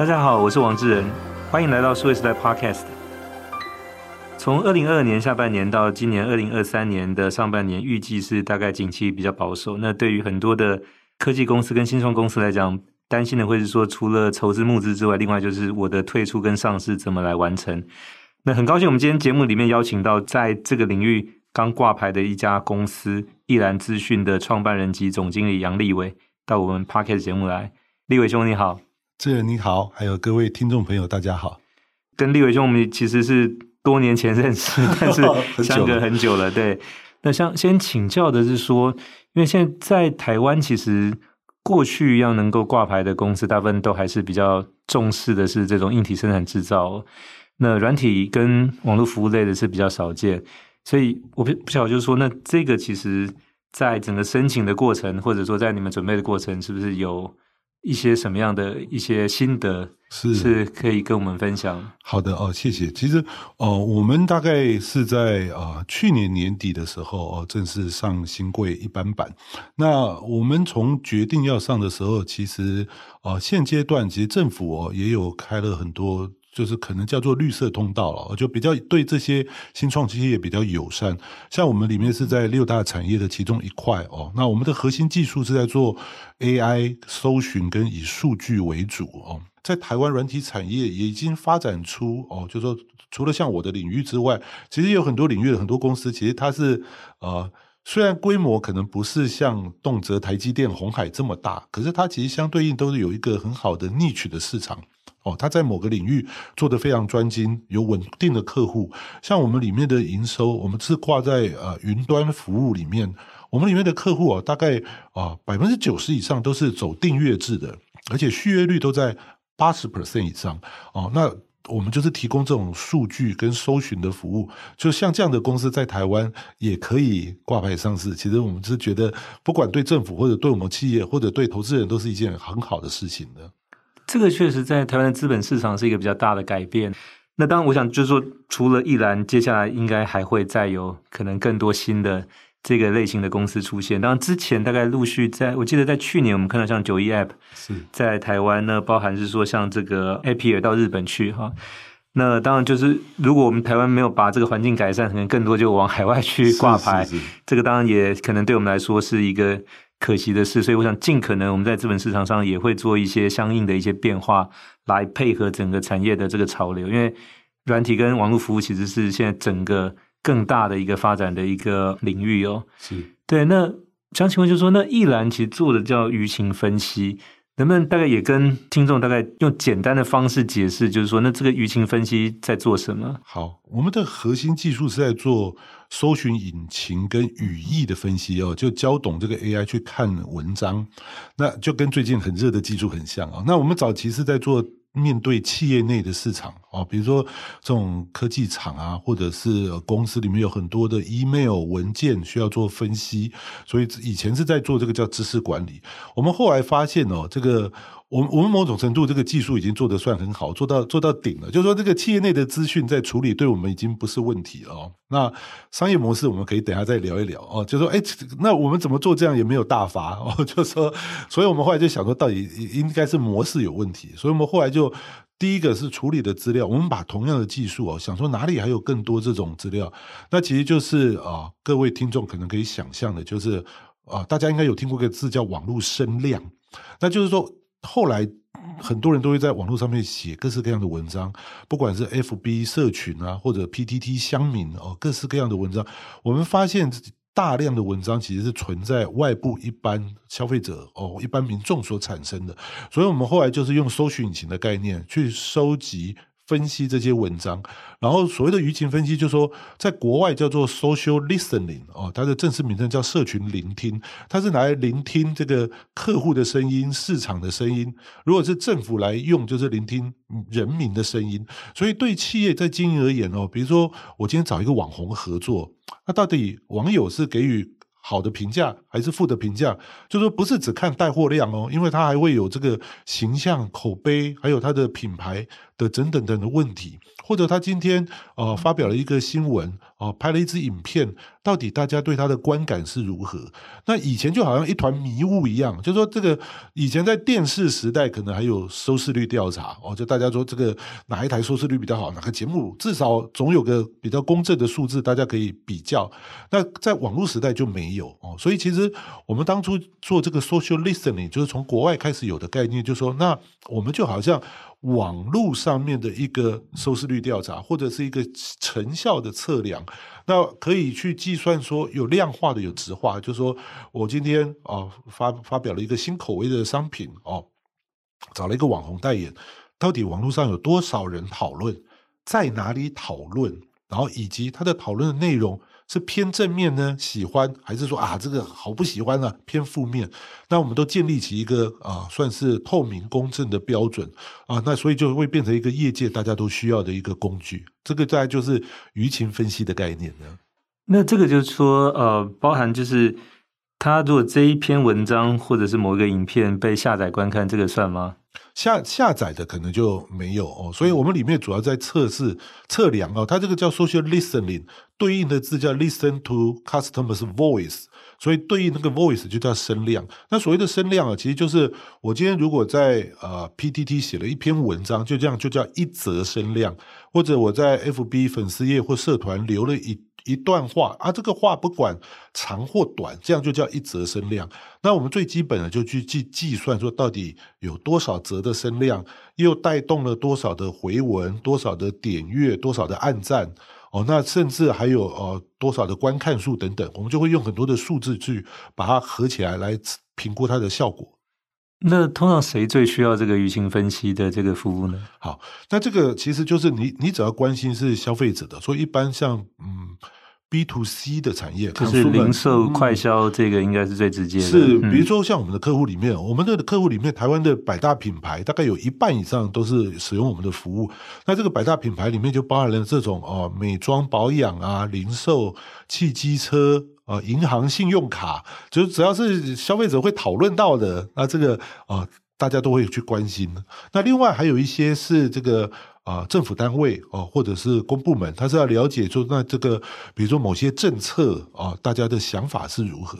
大家好，我是王志仁，歡迎來到數位時代 Podcast。從二零二二年下半年到今年二零二三年的上半年，預計是大概景氣比較保守。那對於很多的科技公司跟新創公司來講，擔心的會是說，除了籌資募資之外，另外就是我的退出跟上市怎麼來完成。那很高興，我們今天節目裡面邀請到在這個領域剛掛牌的一家公司意藍資訊的創辦人及總經理楊立偉到我們 Podcast 節目來。立偉兄，你好。志仁你好，還有各位聽眾朋友，大家好。跟立偉兄，我們其實是多年前認識，但是相隔很久了。 久了對，那像先請教的是說，因為現在在台灣，其實過去要能夠掛牌的公司，大部分都還是比較重視的是這種硬體生產制造，那軟體跟網絡服務類的是比較少見。所以我不不曉得，就是說，那這個其實在整個申請的過程，或者說在你們準備的過程，是不是有？一些什麼樣的一些心得是是可以跟我們分享？好的哦，謝謝。其實哦、呃，我們大概是在啊、呃、去年年底的時候哦，正式上興櫃一般板。那我們從決定要上的時候，其實、呃、現階段其實政府哦也有開了很多。就是可能叫做綠色通道了，就比較對這些新創企業也比較友善。像我們裡面是在六大產業的其中一塊哦，那我們的核心技術是在做 AI 搜尋跟以數據為主哦。在台灣軟體產業也已經發展出哦，就是說除了像我的領域之外，其實有很多領域的很多公司其實它是呃，雖然規模可能不是像動輒台積電、鴻海這麼大，可是它其實相對應都是有一個很好的 niche 的市場。哦，他在某個領域做得非常專精，有穩定的客戶。像我們裡面的營收，我們是掛在呃雲端服務裡面。我們裡面的客戶啊、哦，大概啊百分之九十以上都是走訂閱制的，而且續約率都在八十 percent 以上。哦，那我們就是提供這種數據跟搜尋的服務，就像這樣的公司在台灣也可以掛牌上市。其實我們是覺得，不管對政府或者對我們企業或者對投資人，都是一件很好的事情的。這個確實在台灣的資本市場是一個比較大的改變。那當然，我想就是說，除了意藍，接下來應該還會再有可能更多新的這個類型的公司出現。當然，之前大概陸續在我記得在去年，我們看到像 91App 在台灣呢，是包含是說像這個 App 也到日本去哈。那當然就是如果我們台灣沒有把這個環境改善，可能更多就往海外去掛牌。是是是這個當然也可能對我們來說是一個。可惜的是，所以我想盡可能我們在資本市場上也會做一些相應的一些變化，來配合整個產業的這個潮流。因為軟體跟網絡服務其實是現在整個更大的一個發展的一個領域哦、喔。是，對。那想請問就是說，那意藍其實做的叫輿情分析。能不能大概也跟聽眾大概用簡單的方式解釋，就是說，那這個輿情分析在做什麼？好，我們的核心技術是在做搜尋引擎跟語義的分析哦，就教懂這個 AI 去看文章，那就跟最近很熱的技術很像啊、哦。那我們早期是在做面對企業內的市場。哦，比如說這種科技廠啊，或者是公司裡面有很多的 email 文件需要做分析，所以以前是在做這個叫知識管理。我們後來發現哦，這個我們我們某種程度這個技術已經做得算很好，做到做到頂了，就是說這個企業內的資訊在處理，對我們已經不是問題了哦。那商業模式我們可以等一下再聊一聊哦，就說誒，那我們怎麼做這樣也沒有大法哦，就說，所以我們後來就想說，到底應該是模式有問題，所以我們後來就。第一個是處理的資料，我們把同樣的技術哦，想說哪裡還有更多這種資料？那其實就是，呃，各位聽眾可能可以想象的，就是，呃，大家應該有聽過一個字叫網絡聲量，那就是說後來很多人都會在網絡上面寫各式各樣的文章，不管是 FB 社群啊，或者 PTT 鄉民哦，各式各樣的文章，我們發現。大量的文章其實是存在外部一般消費者哦，一般民眾所產生的，所以我們後來就是用搜尋引擎的概念去收集。分析這些文章，然後所謂的輿情分析，就是說在國外叫做 social listening，它的正式名稱叫社群聆聽，它是來聆聽這個客戶的聲音、市場的聲音。如果是政府來用，就是聆聽人民的聲音。所以對企業在經營而言哦，比如說我今天找一個網紅合作，那到底網友是給予好的評價還是負的評價，就說不是只看帶貨量哦，因為它還會有這個形象、口碑，還有它的品牌的等等等等的問題。或者他今天呃發表了一個新聞，哦，拍了一支影片，到底大家對他的觀感是如何？那以前就好像一團迷霧一樣，就是說這個以前在電視時代可能還有收視率調查哦，就大家說這個哪一台收視率比較好，哪個節目至少總有個比較公正的數字，大家可以比較。那在網絡時代就沒有哦，所以其實我們當初做這個 social listening 就是從國外開始有的概念就是，就說那我們就好像。網絡上面的一個收視率調查，或者是一個成效的測量，那可以去計算說有量化的，有質化，就是說我今天啊、哦、發發表了一個新口味的商品哦，找了一個網紅代言，到底網絡上有多少人討論，在哪裡討論，然後以及他的討論的內容。是偏正面呢，喜歡還是說啊，這個好不喜歡啊，偏負面，那我們都建立起一個啊、呃，算是透明公正的標準啊、呃，那所以就會變成一個業界大家都需要的一個工具，這個大概就是輿情分析的概念呢。那這個就是說，呃，包含就是他如果這一篇文章或者是某一個影片被下載觀看，這個算嗎？下下載的可能就沒有哦，所以我們裡面主要在測試測量哦，它這個叫 “social listening”，對應的字叫 “listen to customers voice”，所以對應那個 voice 就叫聲量。那所謂的聲量啊、哦，其實就是我今天如果在呃 PTT 寫了一篇文章，就這樣就叫一則聲量，或者我在 FB 粉絲頁或社團留了一一段話啊，這個話不管長或短，這樣就叫一則聲量。那我們最基本的就去計計算，說到底有多少則的聲量，又帶動了多少的回文，多少的點閱，多少的按讚，哦，那甚至還有呃多少的觀看數等等，我們就會用很多的數字去把它合起來來評估它的效果。那通常誰最需要這個輿情分析的這個服務呢？好，那這個其實就是你你只要關心是消費者的，所以一般像嗯。B to C 的產業，可是零售快消這個應該是最直接的。嗯。是，比如說像我們的客戶裡面，嗯、我們的客戶裡面，台灣的百大品牌大概有一半以上都是使用我們的服務。那這個百大品牌裡面就包含了這種哦、呃，美妝保養啊，零售、汽機車啊，呃、銀行信用卡，就只要是消費者會討論到的，那這個啊、呃，大家都會去關心。那另外還有一些是這個。啊，政府單位哦，或者是公部門，他是要了解說，那這個比如說某些政策啊、哦，大家的想法是如何。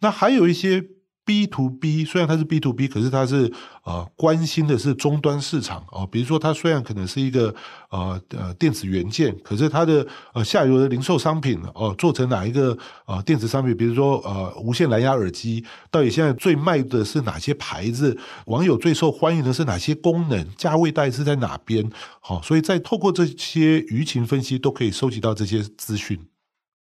那還有一些。B to B 雖然它是 B to B，可是它是呃關心的是終端市場哦，比如說它雖然可能是一個呃呃電子元件，可是它的呃下游的零售商品哦、呃，做成哪一個呃電子商品，比如說呃無線藍牙耳機，到底現在最賣的是哪些牌子？網友最受歡迎的是哪些功能？價位帶是在哪邊？好、哦，所以在透過這些輿情分析，都可以收集到這些資訊。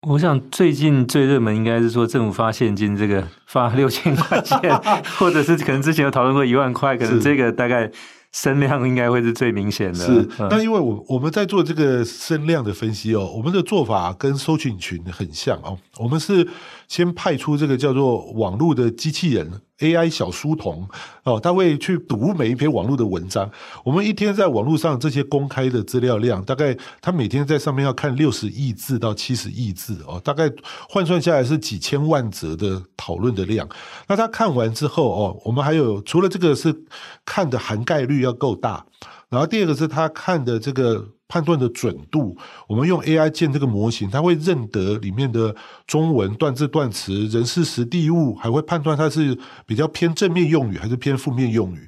我想最近最熱門應該是說政府發現金，這個發六千塊錢， 或者是可能之前有討論過一萬塊， 可能這個大概聲量應該會是最明顯的。是，那、嗯、因為我我們在做這個聲量的分析哦，我們的做法跟搜尋群很像哦，我們是。先派出這個叫做網絡的機器人 AI 小書童哦，他會去讀每一篇網絡的文章。我們一天在網絡上這些公開的資料量，大概他每天在上面要看六十億字到七十億字哦，大概換算下來是幾千萬則的討論的量。那他看完之後哦，我們還有除了這個是看的涵蓋率要夠大，然後第二個是他看的這個。判斷的準度，我們用 AI 建這個模型，它會認得裡面的中文斷字斷詞、人事時地物，還會判斷它是比較偏正面用語還是偏負面用語。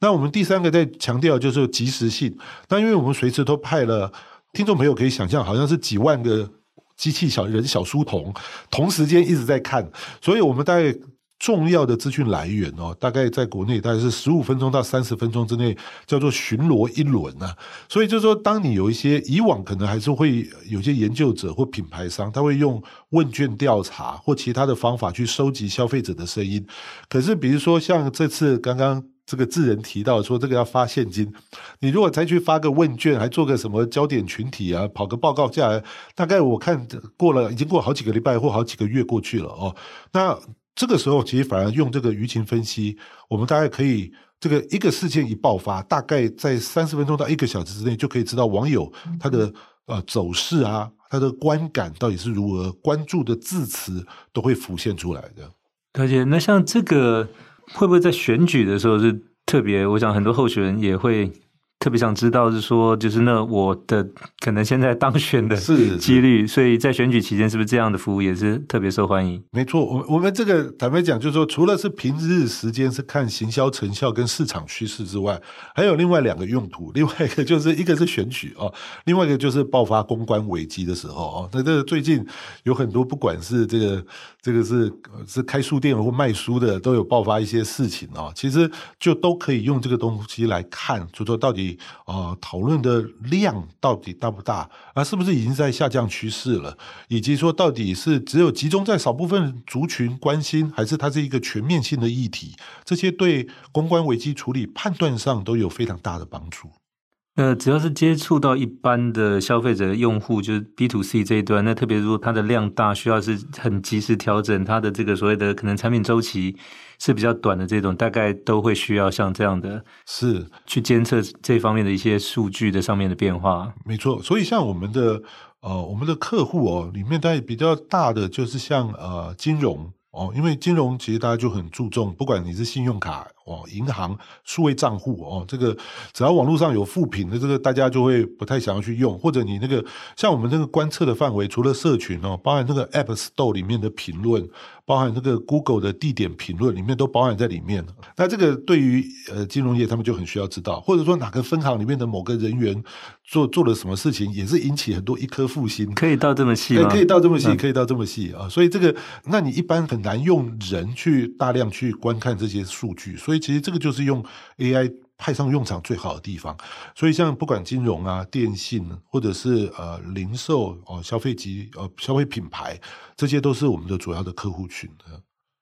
那我們第三個在強調就是有即時性。那因為我們隨時都派了聽眾朋友可以想象，好像是幾萬個機器小人小書童，同時間一直在看，所以我們大概。重要的資訊來源哦，大概在國內大概是十五分鐘到三十分鐘之內叫做巡邏一輪啊。所以就是說，當你有一些以往可能還是會有些研究者或品牌商，他會用問卷調查或其他的方法去收集消費者的聲音。可是比如說像這次剛剛這個志仁提到說這個要發現金，你如果再去發個問卷，還做個什麼焦點群體啊，跑個報告下來，大概我看過了，已經過好幾個禮拜或好幾個月過去了哦。那這個時候，其實反而用這個輿情分析，我們大概可以，這個一個事件一爆發，大概在三十分鐘到一個小時之內，就可以知道網友他的、嗯、呃走勢啊，他的觀感到底是如何，關注的字詞都會浮現出來的。大姐，那像這個會不會在選舉的時候是特別？我想很多候選人也會。特別想知道是說，就是那我的可能現在當選的是幾率，所以在選舉期間是不是這樣的服務也是特別受歡迎？沒錯，我們、我們這個坦白講，就是說除了是平日時間是看行銷成效跟市場趨勢之外，還有另外兩個用途。另外一個就是一個是選舉，哦，另外一個就是爆發公關危機的時候，哦，那這個最近有很多不管是這個這個是是開書店或賣書的，都有爆發一些事情，哦，其實就都可以用這個東西來看，就說到底。啊、呃，討論的量到底大不大啊？那是不是已經在下降趨勢了？以及說到底是只有集中在少部分族群關心，還是它是一個全面性的議題？這些對公關危機處理判斷上都有非常大的幫助。那只要是接觸到一般的消費者用戶，就是 B to C 這一端，那特別如果它的量大，需要是很及時調整它的這個所謂的可能產品周期是比較短的這種，大概都會需要像這樣的是去監測這方面的一些數據的上面的變化。沒錯，所以像我們的呃我們的客戶哦，裡面大概比較大的就是像呃金融哦，因為金融其實大家就很注重，不管你是信用卡。哦，銀行數位賬戶哦，這個只要網絡上有負評的，這個大家就會不太想要去用。或者你那個像我們這個觀測的範圍，除了社群哦，包含這個 App Store 裡面的評論，包含這個 Google 的地點評論，裡面都包含在裡面。那這個對於呃金融業，他們就很需要知道，或者說哪個分行裡面的某個人員做做了什麼事情，也是引起很多一顆負心。可以到這麼細嗎？嗯、可以到這麼細，可以到這麼細啊！所以這個，那你一般很難用人去大量去觀看這些數據，所以。所以其實這個就是用 AI 派上用場最好的地方。所以像不管金融啊、電信，或者是呃零售哦、消費級呃、消費品牌，這些都是我們的主要的客戶群。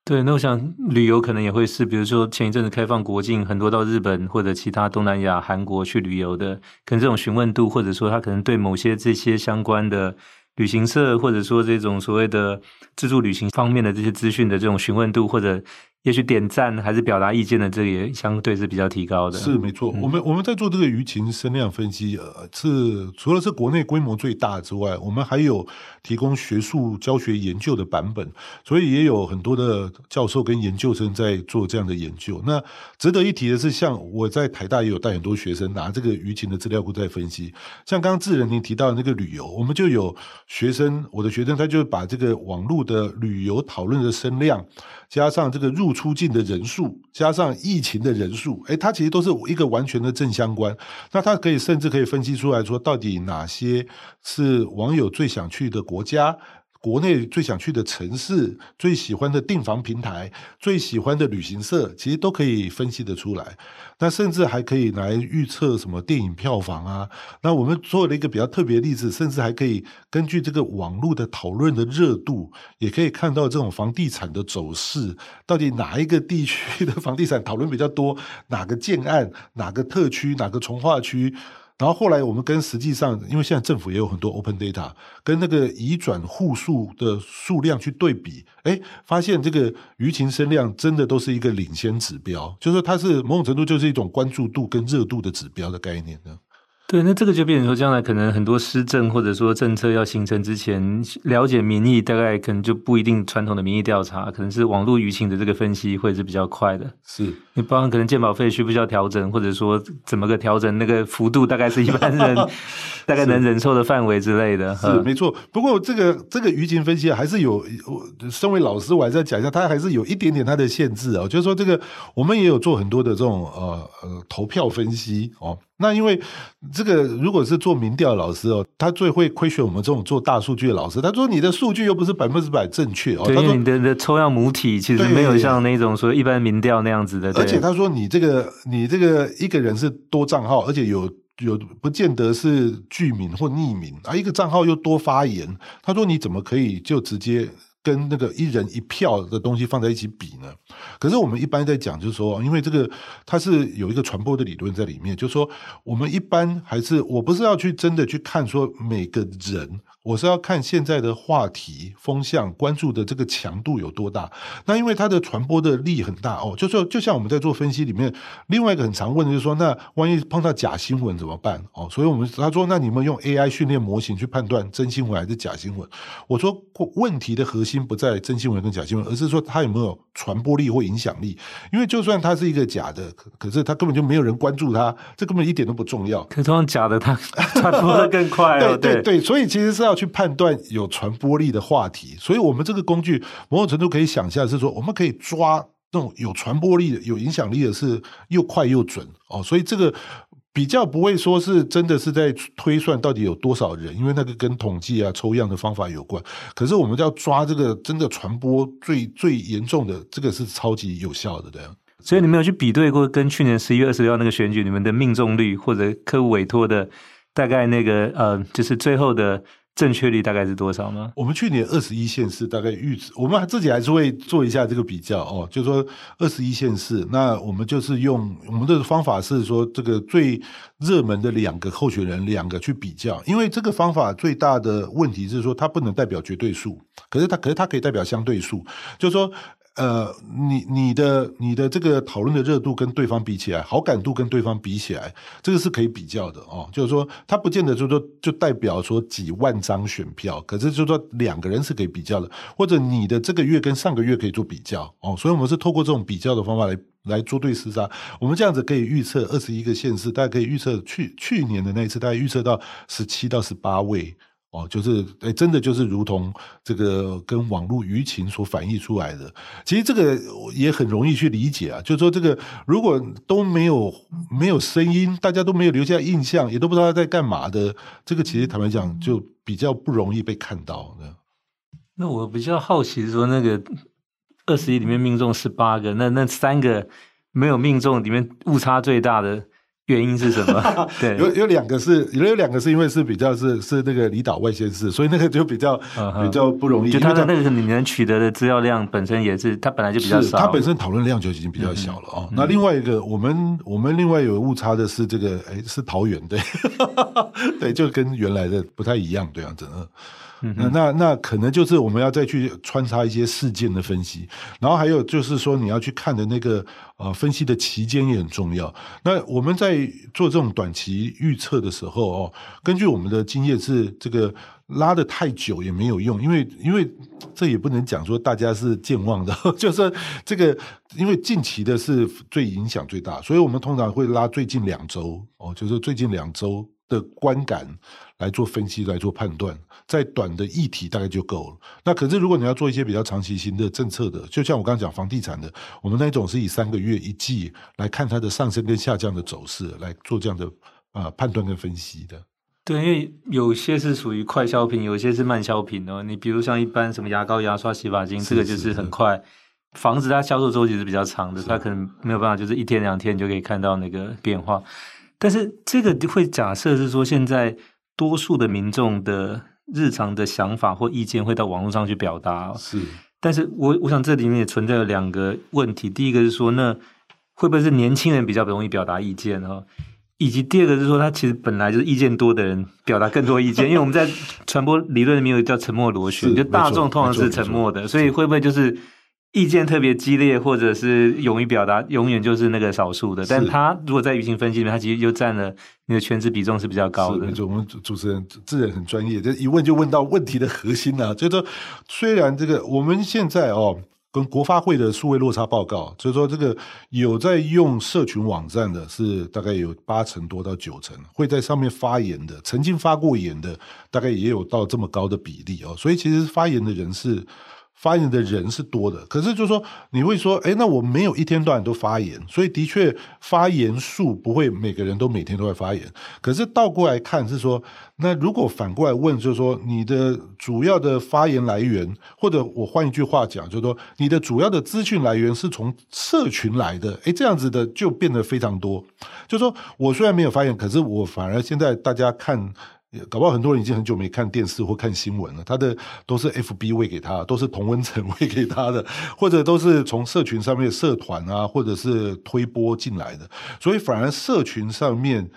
對，那我想旅遊可能也會是，比如說前一陣子開放國境，很多到日本或者其他東南亞、韓國去旅遊的，可能這種詢問度，或者說他可能對某些這些相關的旅行社，或者說這種所謂的自助旅行方面的這些資訊的這種詢問度，或者。也許點贊還是表達意見的，這個也相對是比較提高的是。是沒錯，我們我們在做這個輿情聲量分析，嗯、呃，是除了是國內規模最大之外，我們還有提供學術教學研究的版本，所以也有很多的教授跟研究生在做這樣的研究。那值得一提的是，像我在台大也有帶很多學生拿這個輿情的資料庫在分析。像剛剛志仁您提到的那個旅遊，我們就有學生，我的學生他就把這個網絡的旅遊討論的聲量加上這個入出境的人數加上輿情的人數，哎，它其實都是一個完全的正相關。那它可以甚至可以分析出來說，到底哪些是網友最想去的國家？國內最想去的城市、最喜歡的訂房平台、最喜歡的旅行社，其實都可以分析得出來。那甚至還可以來預測什麼電影票房啊。那我們做了一個比較特別的例子，甚至還可以根據這個網絡的討論的熱度，也可以看到這種房地產的走勢，到底哪一個地區的房地產討論比較多，哪個建案、哪個特區、哪個重劃區。然後後來我們跟實際上，因為現在政府也有很多 open data，跟那個移轉戶數的數量去對比，誒，發現這個輿情聲量真的都是一個領先指標，就是說它是某種程度就是一種關注度跟熱度的指標的概念呢。對，那這個就變成說，將來可能很多施政或者說政策要形成之前，了解民意，大概可能就不一定傳統的民意調查，可能是網絡輿情的這個分析會是比較快的。是你，包括可能健保費需不需要調整，或者說怎麼個調整，那個幅度大概是一般人大概能忍受的範圍之類的。 是，呵是沒錯，不過這個這個輿情分析還是有，我身為老師，我還是要講一下，它還是有一點點它的限制啊、哦，就是說這個我們也有做很多的這種呃呃投票分析哦。那因為這個，如果是做民調的老師哦，他最會虧損我們這種做大數據的老師。他說，你的數據又不是百分之百正確對哦，他說你的，你的抽樣母體其實沒有像那種說一般民調那樣子的，對對而且他說你這個你這個一個人是多賬號，而且有有不見得是具名或匿名而，啊，一個賬號又多發言，他說你怎麼可以就直接？跟那個一人一票的東西放在一起比呢？可是我們一般在講，就是說，因為這個它是有一個傳播的理論在裡面，就是說，我們一般還是，我不是要去真的去看說每個人。我是要看現在的話題風向，關注的這個強度有多大。那因為它的傳播的力很大哦、喔，就是就像我們在做分析裡面，另外一個很常問的就是說，那萬一碰到假新聞怎麼辦哦、喔？所以我們他說，那你們用 AI 訓練模型去判斷真新聞還是假新聞？我說，問題的核心不在真新聞跟假新聞，而是說它有沒有傳播力或影響力。因為就算它是一個假的，可可是它根本就沒有人關注它，這根本一點都不重要。可通常假的它傳播的更快了 對對對，所以其實是要。去判斷有傳播力的話題，所以我們這個工具某種程度可以想象是說，我們可以抓那種有傳播力的、有影響力的，是又快又準哦。所以這個比較不會說是真的是在推算到底有多少人，因為那個跟統計啊抽樣的方法有關。可是我們要抓這個真的傳播最最嚴重的，這個是超級有效的這樣。樣所以你沒有去比對過，跟去年十一月二十六號那個選舉你們的命中率，或者客戶委託的大概那個呃，就是最後的。正確率大概是多少呢？我們去年二十一縣市大概預，我們自己還是會做一下這個比較哦。就說二十一縣市，那我們就是用我們的方法是說，這個最熱門的兩個候選人兩個去比較，因為這個方法最大的問題是說它不能代表絕對數，可是它可是它可以代表相對數，就是說。呃，你你的你的這個討論的熱度跟對方比起來，好感度跟對方比起來，這個是可以比較的哦。就是說，它不見得就說就代表說幾萬張選票，可是就說兩個人是可以比較的，或者你的這個月跟上個月可以做比較哦。所以我們是透過這種比較的方法來來做對廝殺，我們這樣子可以預測二十一個縣市，大概可以預測去去年的那一次，大概預測到十七到十八位。哦，就是，哎、欸，真的就是如同這個跟網絡輿情所反映出來的，其實這個也很容易去理解啊。就是說這個如果都沒有沒有聲音，大家都沒有留下印象，也都不知道他在幹嘛的，這個其實坦白講就比較不容易被看到的。那我比較好奇說，那個二十一裡面命中十八個，那那三個沒有命中裡面誤差最大的，原因是什麼？對， 有有兩個是，有有兩個是因為是比較是是那個離島外縣市，所以那個就比較、uh huh. 比較不容易。嗯、就他在那個裡面取得的資料量本身也是，他本來就比較少。他本身討論量就已經比較小了哦。嗯、哼那另外一個，我們我們另外有誤差的是這個，哎、欸，是桃園，對 對，就跟原來的不太一樣，對啊，真的。 那那，那可能就是我們要再去穿插一些事件的分析，然後還有就是說你要去看的那個呃分析的期間也很重要。那我們在做這種短期預測的時候哦，根據我們的經驗是這個拉得太久也沒有用，因為因為這也不能講說大家是健忘的， 就是這個因為近期的是最影響最大，所以我們通常會拉最近兩周哦，就是最近兩周的觀感。來做分析，來做判斷，在短的議題大概就夠了。那可是如果你要做一些比較長期型的政策的，就像我剛剛講房地產的，我們那一種是以三個月一季來看它的上升跟下降的走勢來做這樣的啊、呃、判斷跟分析的。對，因為有些是屬於快消品，有些是慢消品哦。你比如像一般什麼牙膏、牙刷、洗髮精，這個就是很快。房子它銷售周期是比較長的，是它可能沒有辦法就是一天兩天就可以看到那個變化。但是這個會假設是說現在。多數的民眾的日常的想法或意見會到網絡上去表達，是。但是我我想這裡面也存在了兩個問題。第一個是說，那會不會是年輕人比較容易表達意見哈、哦，以及第二個是說，他其實本來就是意見多的人表達更多意見，因為我們在傳播理論裡面有叫沉默螺旋，就大眾通常是沉默的，所以會不會就是？意見特別激烈或者是勇於表達，永遠就是那個少數的。但他如果在輿情分析裡面，他其實就占了你的圈子比重是比較高的。我們主持人自然很專業，這一問就問到問題的核心了啊。所以說雖然這個我們現在哦，跟國發會的數位落差報告，所以說這個有在用社群網站的是大概有八成多到九成會在上面發言的，曾經發過言的大概也有到這麼高的比例哦。所以其實發言的人是。發言的人是多的，可是就是說你會說，誒、欸，那我沒有一天到晚都發言，所以的確發言數不會每個人都每天都在發言。可是倒過來看是說，那如果反過來問，就是說你的主要的發言來源，或者我換一句話講，就是說你的主要的資訊來源是從社群來的，誒、欸，這樣子的就變得非常多。就是說我雖然沒有發言，可是我反而現在大家看。搞不好很多人已經很久沒看電視或看新聞了，他的都是 FB 餵給他，都是同溫層餵給他的，或者都是從社群上面社團啊，或者是推播進來的，所以反而社群上面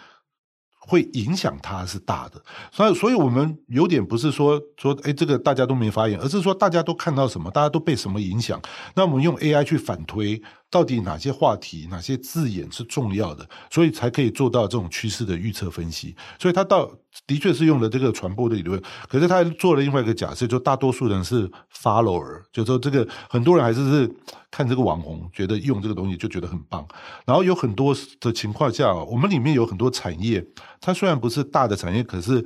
會影響他是大的，所以所以我們有點不是說說，哎，這個大家都沒發言，而是說大家都看到什麼，大家都被什麼影響，那我們用 AI 去反推。到底哪些話題、哪些字眼是重要的，所以才可以做到這種趨勢的預測分析。所以他到的確是用了這個傳播的理論，可是他還做了另外一個假設，就大多數人是 follower，就是說這個很多人還是是看這個網紅，覺得用這個東西就覺得很棒。然後有很多的情況下，我們裡面有很多產業，它雖然不是大的產業，可是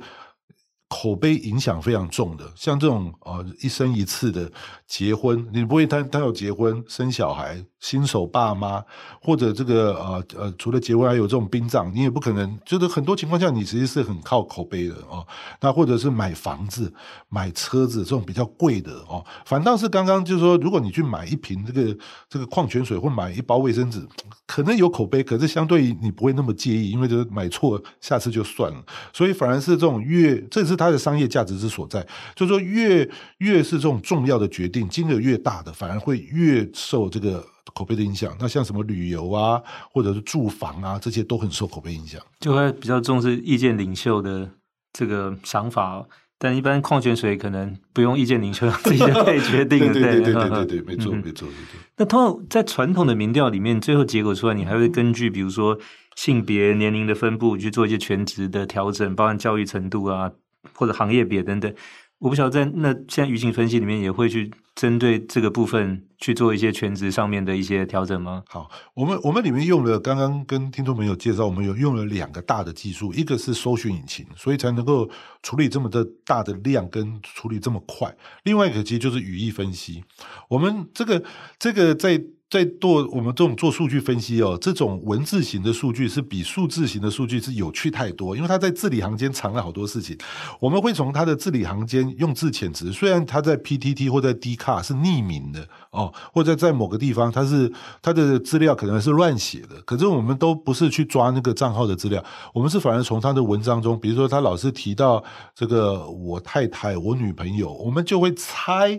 口碑影響非常重的。像這種啊、呃，一生一次的結婚，你不會他他要結婚生小孩。新手爸媽，或者這個呃呃，除了結婚，還有這種殯葬，你也不可能，就是很多情況下你其實是很靠口碑的哦。那或者是買房子，買車子這種比較貴的哦，反倒是剛剛就是說，如果你去買一瓶這個這個礦泉水或買一包衛生紙，可能有口碑，可是相對於你不會那麼介意，因為就是買錯下次就算了。所以反而是這種越，這是它的商業價值之所在，就是說越越是這種重要的決定，金額越大的，反而會越受這個口碑的影響，那像什麼旅遊啊，或者是住房啊，這些都很受口碑影響，就會比較重視意見領袖的這個想法。哦，但一般礦泉水可能不用意見領袖自己來決定的對， 對，對，對對對對對，沒錯沒錯沒錯。那通常在傳統的民調裡面，嗯、最後結果出來，你還會根據比如說性別、年齡的分布去做一些權值的調整，包含教育程度啊，或者行業別等等。我不曉得在那現在輿情分析裡面也會去針對這個部分去做一些權值上面的一些調整嗎？好，我們我們裡面用了剛剛跟聽眾朋友介紹，我們有用了兩個大的技術，一個是搜尋引擎，所以才能夠處理這麼的大的量跟處理這麼快。另外一個其實就是語義分析，我們這個這個在。在做我們這種做數據分析哦，這種文字型的數據是比數字型的數據是有趣太多，因為它在字裡行間藏了好多事情。我們會從它的字裡行間用字遣詞，雖然它在 PTT 或在 D 卡是匿名的哦，或者在某個地方它是它的資料可能是亂寫的，可是我們都不是去抓那個賬號的資料，我們是反而從它的文章中，比如說他老是提到這個我太太、我女朋友，我們就會猜。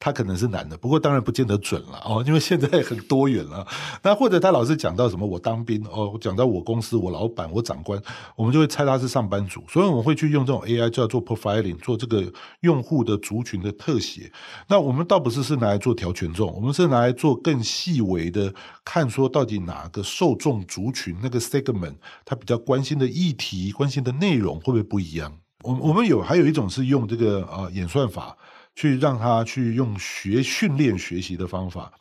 他可能是男的，不過當然不見得準了哦，因為現在很多元了，啊。那或者他老是講到什麼我當兵哦，講到我公司、我老闆、我長官，我們就會猜他是上班族。所以我們會去用這種 AI，叫做 profiling，做這個用戶的族群的特寫。那我們倒不是是拿來做調權重，我們是拿來做更細微的看，說到底哪個受眾族群那個 segment 他比較關心的議題、關心的內容會不會不一樣？我我們有還有一種是用這個啊、呃、演算法。去讓他去用學訓練學習的方法，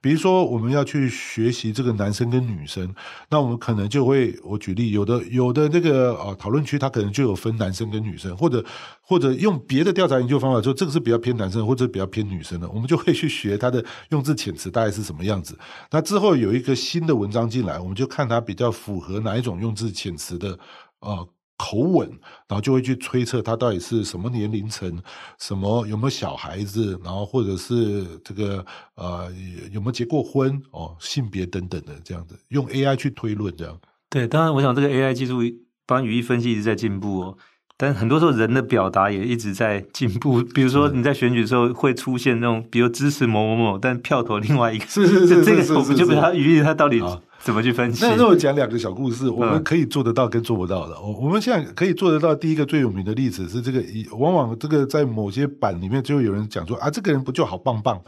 比如說我們要去學習這個男生跟女生，那我們可能就會我舉例，有的有的那個、哦，討論區，他可能就有分男生跟女生，或者或者用別的調查研究方法說，這個是比較偏男生或者比較偏女生的，我們就會去學他的用字遣詞大概是什麼樣子。那之後有一個新的文章進來，我們就看它比較符合哪一種用字遣詞的、呃口吻，然後就會去推測他到底是什麼年齡層，什麼有沒有小孩子，然後或者是這個呃有沒有結過婚哦，性別等等的這樣子，用 AI 去推論這樣。對，當然我想這個 AI 技術幫語義分析一直在進步哦，但很多時候人的表達也一直在進步。比如說你在選舉的時候會出現那種，比如支持某某某，但票投另外一個，不是，是，是是是，這個我們就把它語義它到底。怎麼去分析？那我講兩個小故事，我們可以做得到跟做不到的。我、嗯、我們現在可以做得到，第一個最有名的例子是這個，往往這個在某些版裡面就有人講說啊，這個人不就好棒棒。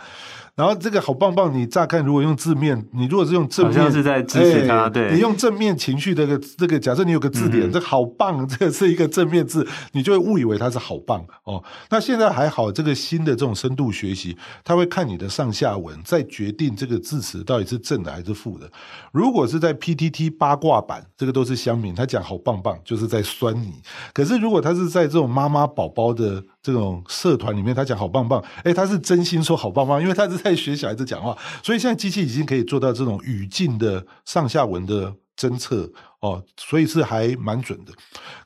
然後這個好棒棒，你乍看如果用字面，你如果是用正面好像是在支持他，哎、對，你用正面情緒這個這個，這個、假設你有個字典，嗯、哼這個好棒，這個、是一個正面字，你就會誤以為它是好棒哦。那現在還好，這個新的這種深度學習，它會看你的上下文，再決定這個字詞到底是正的還是負的。如果是在 PTT 八卦版，這個都是鄉民，他講好棒棒就是在酸你。可是如果他是在這種媽媽寶寶的。這種社團裡面，他講好棒棒，哎、欸，他是真心說好棒棒，因為他是在學小孩子講話，所以現在機器已經可以做到這種語境的上下文的偵測。哦，所以是還蠻準的。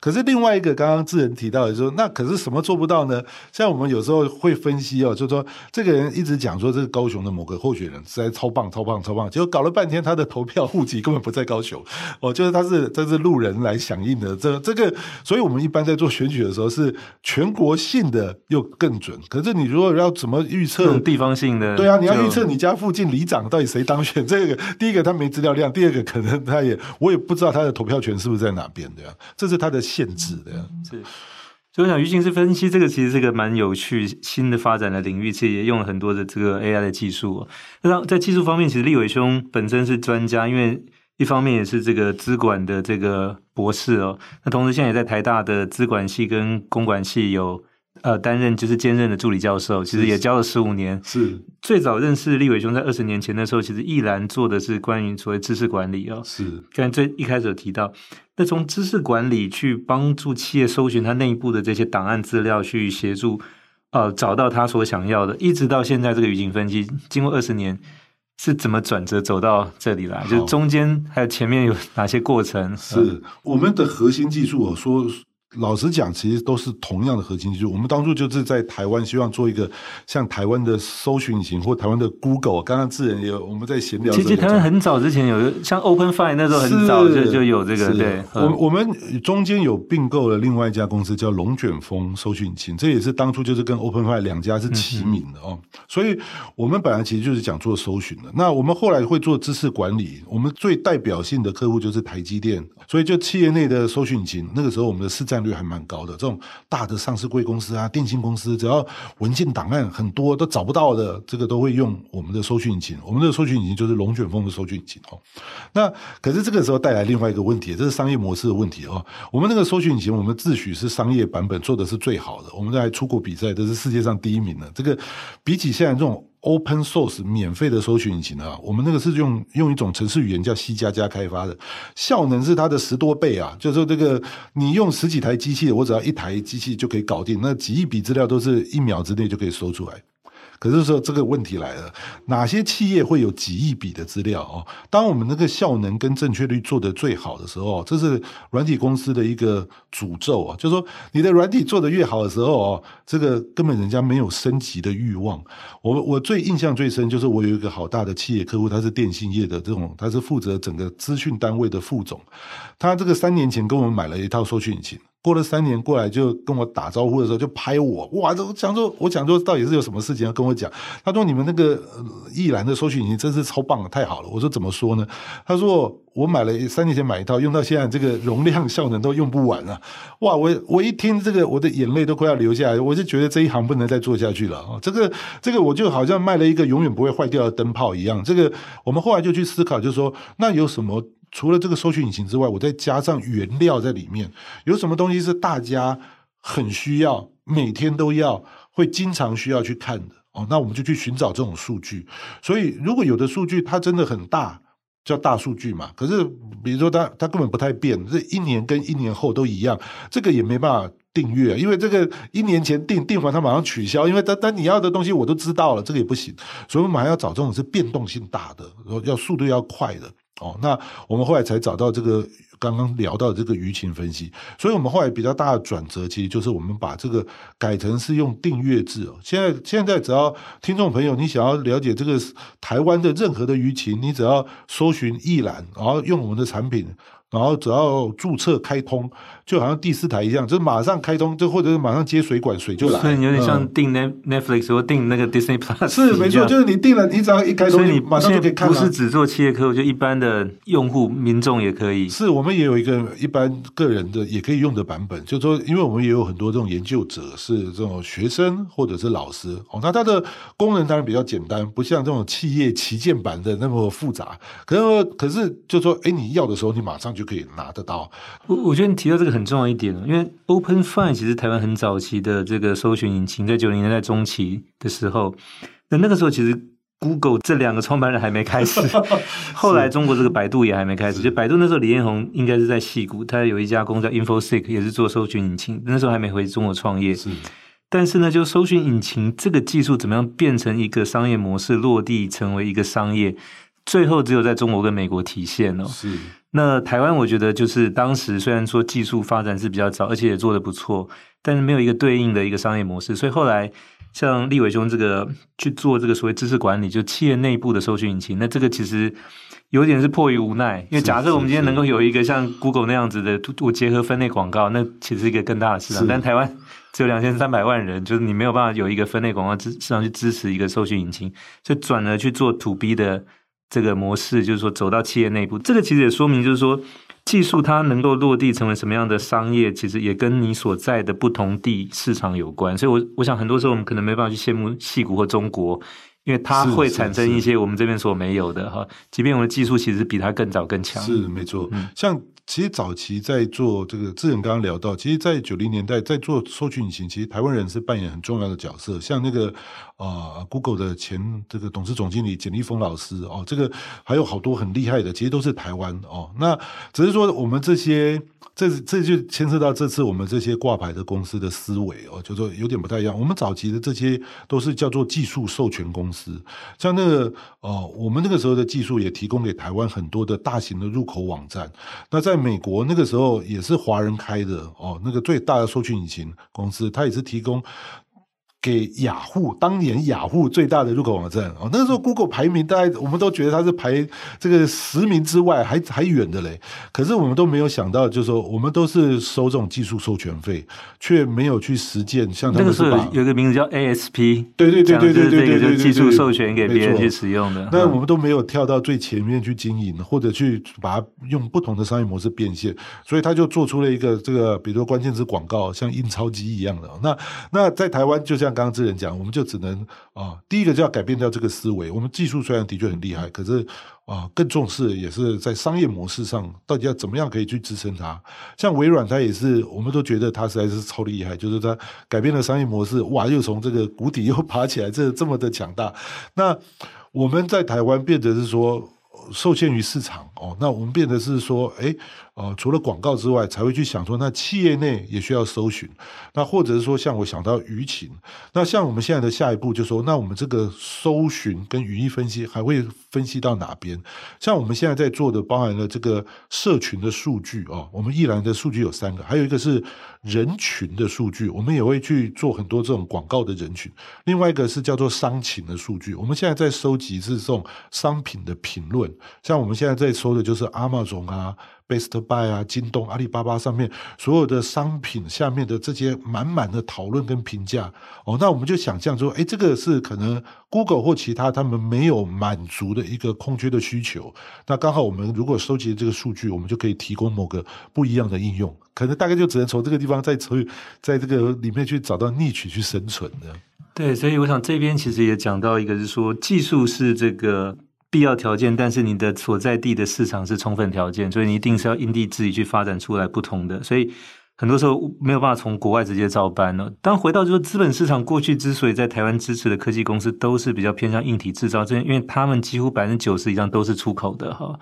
可是另外一個剛剛志仁提到的說，那可是什麼做不到呢？像我們有時候會分析哦，就是說這個人一直講說這是高雄的某個候選人，實在超棒、超棒、超棒。結果搞了半天，他的投票戶籍根本不在高雄。哦，就是他是他是路人來響應的。這這個，所以我們一般在做選舉的時候是全國性的又更準。可是你如果要怎麼預測地方性的？對啊，你要預測你家附近里長到底誰當選？這個第一個他沒資料量，第二個可能他也我也不知道他的。投票權是不是在哪邊的呀？這是它的限制的呀。啊、是，所以我想輿情是分析，這個其實是一個蠻有趣新的發展的領域，其實也用了很多的這個 AI 的技術。那在技術方面，其實立偉兄本身是專家，因為一方面也是這個資管的這個博士哦。那同時現在也在台大的資管系跟公管系有，呃，擔任就是兼任的助理教授，其實也教了十五年。是，是最早認識立偉兄在二十年前的時候，其實意藍做的是關於所謂知識管理哦，是跟最一開始有提到，那從知識管理去幫助企業搜尋他內部的這些檔案資料，去協助呃找到他所想要的，一直到現在這個輿情分析，經過二十年是怎麼轉折走到這裡啦？好就中間還有前面有哪些過程？是、嗯、我們的核心技術、哦，我說。老實講，其實都是同樣的核心技術。我們當初就是在台灣，希望做一個像台灣的搜尋引擎或台灣的 Google。剛剛志仁也有我們在閒聊，其實台灣很早之前有像 Openfind 那時候很早就是就有這個。是對，嗯、我我們中間有併購了另外一家公司叫龍捲風搜尋引擎，這也是當初就是跟 Openfind 兩家是齊名的哦。嗯、哼所以，我們本來其實就是講做搜尋的。那我們後來會做知識管理，我們最代表性的客戶就是台積電。所以，就企業內的搜尋引擎，那個時候我們的市占率還蠻高的。這種大的上市櫃公司啊，電信公司，只要文件檔案很多都找不到的，這個都會用我們的搜尋引擎。我們的搜尋引擎就是龍捲風的搜尋引擎哦。那可是這個時候帶來另外一個問題，這是商業模式的問題哦。我們那個搜尋引擎，我們自詡是商業版本做的是最好的，我們在出國比賽，都是世界上第一名的。這個比起現在這種。Open source 免費的搜尋引擎啊，我們那個是用用一種程式語言叫 C 加加開發的，效能是它的十多倍啊。就是這個，你用十幾台機器，我只要一台機器就可以搞定，那幾億筆資料都是一秒之內就可以搜出來。可是說這個問題來了，哪些企業會有幾億筆的資料？當我們那個效能跟正確率做得最好的時候，這是軟體公司的一個詛咒啊，就是說你的軟體做得越好的時候哦，這個根本人家沒有升級的欲望。我我最印象最深就是我有一個好大的企業客戶，他是電信業的這種，他是負責整個資訊單位的副總，他這個三年前跟我們買了一套搜尋引擎。過了三年，過來就跟我打招呼的時候就拍我，哇！我想說，我講說，到底是有什麼事情要跟我講？他說：“你們那個意、呃、藍的搜尋引擎真是超棒，太好了。”我說：“怎麼說呢？”他說：“我買了三年前買一套，用到現在，這個容量、效能都用不完了，啊。”哇！我我一聽這個，我的眼淚都快要流下來。我就覺得這一行不能再做下去了這個這個，這個，我就好像賣了一個永遠不會壞掉的燈泡一樣。這個我們後來就去思考，就是說，那有什麼？除了這個搜尋引擎之外，我再加上原料在裡面，有什麼東西是大家很需要，每天都要，會經常需要去看的哦。那我們就去尋找這種數據。所以，如果有的數據它真的很大，叫大數據嘛。可是，比如說它它根本不太變，這一年跟一年後都一樣，這個也沒辦法訂閱，因為這個一年前訂訂完，它馬上取消，因為但但你要的東西我都知道了，這個也不行。所以，我們馬上要找這種是變動性大的，要速度要快的。哦，那我們後來才找到這個剛剛聊到的這個輿情分析，所以我們後來比較大的轉折其實就是我們把這個改成是用訂閱制。現在現在只要聽眾朋友，你想要了解這個台灣的任何的輿情，你只要搜尋意藍，然後用我們的產品。然後只要註冊開通，就好像第四台一樣，就是馬上開通，就或者是馬上接水管，水就來了。所以有點像訂 net Netflix、嗯、或訂那個 Disney Plus 是。是沒錯，樣就是你訂了一張一開通，以你，你馬上就可以看了、啊。不是只做企業客戶，就一般的用戶民眾也可以。是，我們也有一個一般個人的也可以用的版本，就說因為我們也有很多這種研究者，是這種學生或者是老師哦。那它的功能當然比較簡單，不像這種企業旗艦版的那麼複雜。可是可是就說，哎，你要的時候你馬上就。就可以拿得到。我我覺得你提到這個很重要一點，因為 OpenFind 其實台灣很早期的這個搜尋引擎，在九零年代中期的時候，那那個時候其實 Google 這兩個創辦人還沒開始， 是後來中國這個百度也還沒開始。是就百度那時候，李彥宏應該是在硅谷，是他有一家公司叫 Infoseek 也是做搜尋引擎，那時候還沒回中國創業。是。但是呢，就搜尋引擎這個技術怎麼樣變成一個商業模式落地成為一個商業，最後只有在中國跟美國體現哦。是。那台灣我覺得就是當時雖然說技術發展是比較早，而且也做得不錯，但是沒有一個對應的一個商業模式，所以後來像立偉兄這個去做這個所謂知識管理，就企業內部的搜尋引擎，那這個其實有點是迫於無奈，因為假設我們今天能夠有一個像 Google 那樣子的，我結合分類廣告，那其實是一個更大的市場，是但台灣只有兩千三百萬人，就是你沒有辦法有一個分類廣告支市場去支持一個搜尋引擎，就轉而去做 To B 的。這個模式就是說走到企業內部，這個其實也說明就是說，技術它能夠落地成為什麼樣的商業，其實也跟你所在的不同地市場有關。所以我，我我想很多時候我們可能沒辦法去羨慕硅谷或中國，因為它會產生一些我們這邊所沒有的哈。是是是，即便我們的技術其實比它更早更強，是沒錯。嗯、像其實早期在做這個，志仁剛剛聊到，其實，在九零年代在做搜尋引擎，其實台灣人是扮演很重要的角色，像那個。啊，嗯，Google 的前這個董事總經理簡立峰老師哦，這個還有好多很厲害的，其實都是台灣哦。那只是說我們這些，這這就牽涉到這次我們這些掛牌的公司的思維哦，就說有點不太一樣。我們早期的這些都是叫做技術授權公司，像那個哦，我們那個時候的技術也提供給台灣很多的大型的入口網站。那在美國那個時候也是華人開的哦，那個最大的搜索引擎公司，它也是提供。給雅虎，當年雅虎最大的入口網站哦，那個時候 Google 排名，大家我們都覺得它是排這個十名之外還還遠的嘞。可是我們都沒有想到，就是說我們都是收這種技術授權費，卻沒有去實踐。像他們把那個時候有個名字叫 ASP，樣對，對對對對對對對，技術授權給別人去使用的。那我們都沒有跳到最前面去經營，嗯、或者去把它用不同的商業模式變現。所以他就做出了一個這個，比如說關鍵詞廣告，像印鈔機一樣的。那那在台灣就像。剛剛之前講，我們就只能啊、呃，第一個就要改變掉這個思維。我們技術雖然的確很厲害，可是啊、呃，更重視也是在商業模式上，到底要怎麼樣可以去支撐它？像微軟，它也是，我們都覺得它實在是超厲害，就是它改變了商業模式，哇，又從這個谷底又爬起來，這這麼的強大。那我們在台灣變得是說受限於市場哦，那我們變得是說，哎、欸。呃，除了廣告之外，才會去想說，那企業內也需要搜尋，那或者是說，像我想到輿情，那像我們現在的下一步，就說，那我們這個搜尋跟語義分析還會分析到哪邊？像我們現在在做的，包含了這個社群的數據、哦、我們意藍的數據有三個，還有一個是人群的數據，我們也會去做很多這種廣告的人群，另外一個是叫做商情的數據，我們現在在收集是這種商品的評論，像我們現在在搜的就是 Amazon 啊，Best Buy 啊，京東、阿里巴巴上面所有的商品下面的這些滿滿的討論跟評價哦，那我們就想象說，誒，這個是可能 Google 或其他他們沒有滿足的一個空缺的需求。那剛好我們如果收集這個數據，我們就可以提供某個不一樣的應用。可能大概就只能從這個地方再從在這個裡面去找到逆取去生存的。對，所以我想這邊其實也講到一個是說技術是這個。必要條件，但是你的所在地的市場是充分條件，所以你一定是要因地制宜去發展出來不同的。所以很多時候沒有辦法從國外直接照搬了。當回到就是資本市場，過去之所以在台灣支持的科技公司都是比較偏向硬體制造，這因為他們幾乎百分之九十以上都是出口的哈。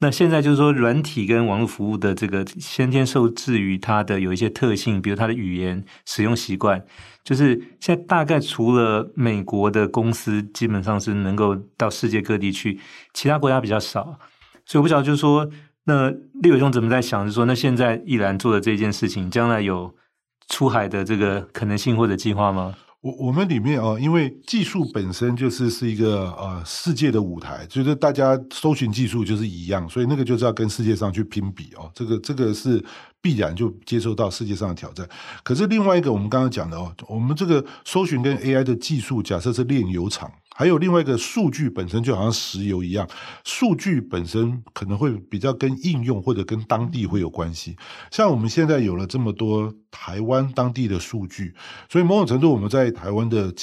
那現在就是說，軟體跟網絡服務的這個先天受制於它的有一些特性，比如它的語言使用習慣。就是現在大概除了美國的公司，基本上是能夠到世界各地去，其他國家比較少。所以我不知道，就是說，那立偉兄怎麼在想？就是說，那現在意藍做的這件事情，將來有出海的這個可能性或者計劃嗎？我我們裡面哦，因為技術本身就是是一個呃世界的舞台，就是大家搜尋技術就是一樣，所以那個就是要跟世界上去拼比哦，這個這個是必然就接受到世界上的挑戰。可是另外一個我們剛剛講的哦，我們這個搜尋跟 AI 的技術，假設是煉油廠。還有另外一個，數據本身就好像石油一樣，數據本身可能會比較跟應用或者跟當地會有關係。像我們現在有了這麼多台灣當地的數據，所以某種程度我們在台灣的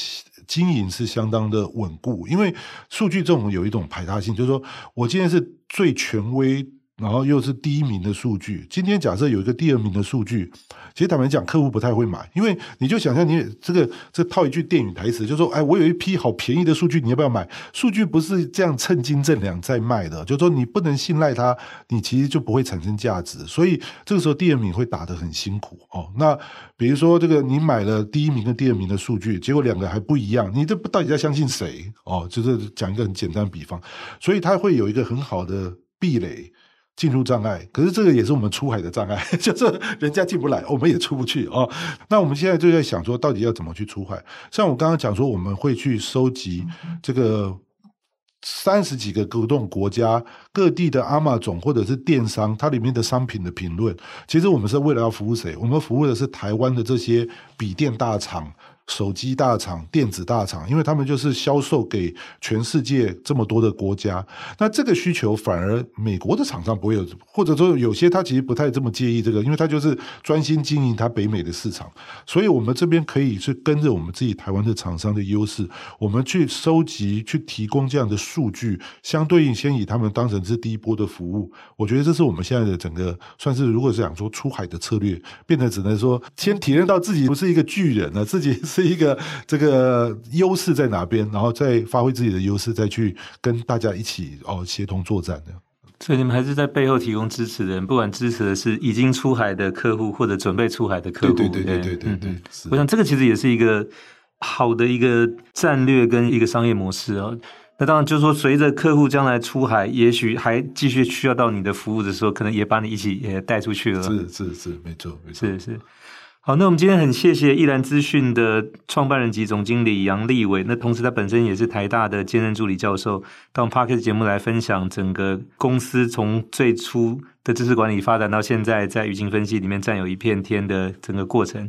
經營是相當的穩固，因為數據這種有一種排他性，就是說我今天是最權威，然後又是第一名的數據。今天假設有一個第二名的數據，其實坦白講，客戶不太會買，因為你就想象你這個這套一句電影台詞，就是說：“哎，我有一批好便宜的數據，你要不要買？”數據不是這樣秤斤秤兩再賣的，就是說你不能信賴它，你其實就不會產生價值。所以這個時候第二名會打得很辛苦哦。那比如說這個你買了第一名跟第二名的數據，結果兩個還不一樣，你這到底在相信誰哦？就是講一個很簡單的比方，所以它會有一個很好的壁壘。進入障礙，可是這個也是我們出海的障礙，就是人家進不來，我們也出不去哦。那我們現在就在想說，到底要怎麼去出海？像我剛剛講說，我們會去收集這個三十幾個不同國家、各地的 Amazon 或者是電商，它裡面的商品的評論。其實我們是為了要服務誰？我們服務的是台灣的這些筆電大廠。手機大廠、電子大廠，因為他們就是銷售給全世界這麼多的國家，那這個需求反而美國的廠商不會有，或者說有些他其實不太這麼介意這個，因為他就是專心經營他北美的市場。所以，我們這邊可以去跟着我們自己台灣的廠商的優勢，我們去收集、去提供這樣的數據，相對應先以他們當成是第一波的服務。我覺得這是我們現在的整個算是，如果是想說出海的策略，變得只能說先體驗到自己不是一個巨人了、啊，自己。是一個這個優勢在哪邊，然後再發揮自己的優勢，再去跟大家一起哦協同作戰的。所以你們還是在背後提供支持的人，不管支持的是已經出海的客戶，或者準備出海的客戶。對對對對對對對。嗯，是。我想這個其實也是一個好的一個戰略跟一個商業模式哦。那當然就是說，隨着客戶將來出海，也許還繼續需要到你的服務的時候，可能也把你一起也帶出去了。是是是，沒錯沒錯，是是。是好，那我們今天很謝謝意藍資訊的創辦人及總經理楊立偉，那同時他本身也是台大的兼任助理教授，到我們 Podcast 節目來分享整個公司從最初的知識管理發展到現在在輿情分析裡面占有一片天的整個過程。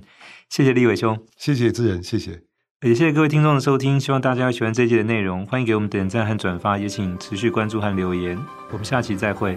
謝謝立偉兄，謝謝志仁，謝謝，也謝謝各位聽眾的收聽，希望大家喜歡這一期的內容，歡迎給我們點讚和轉發，也請持續關注和留言，我們下期再會。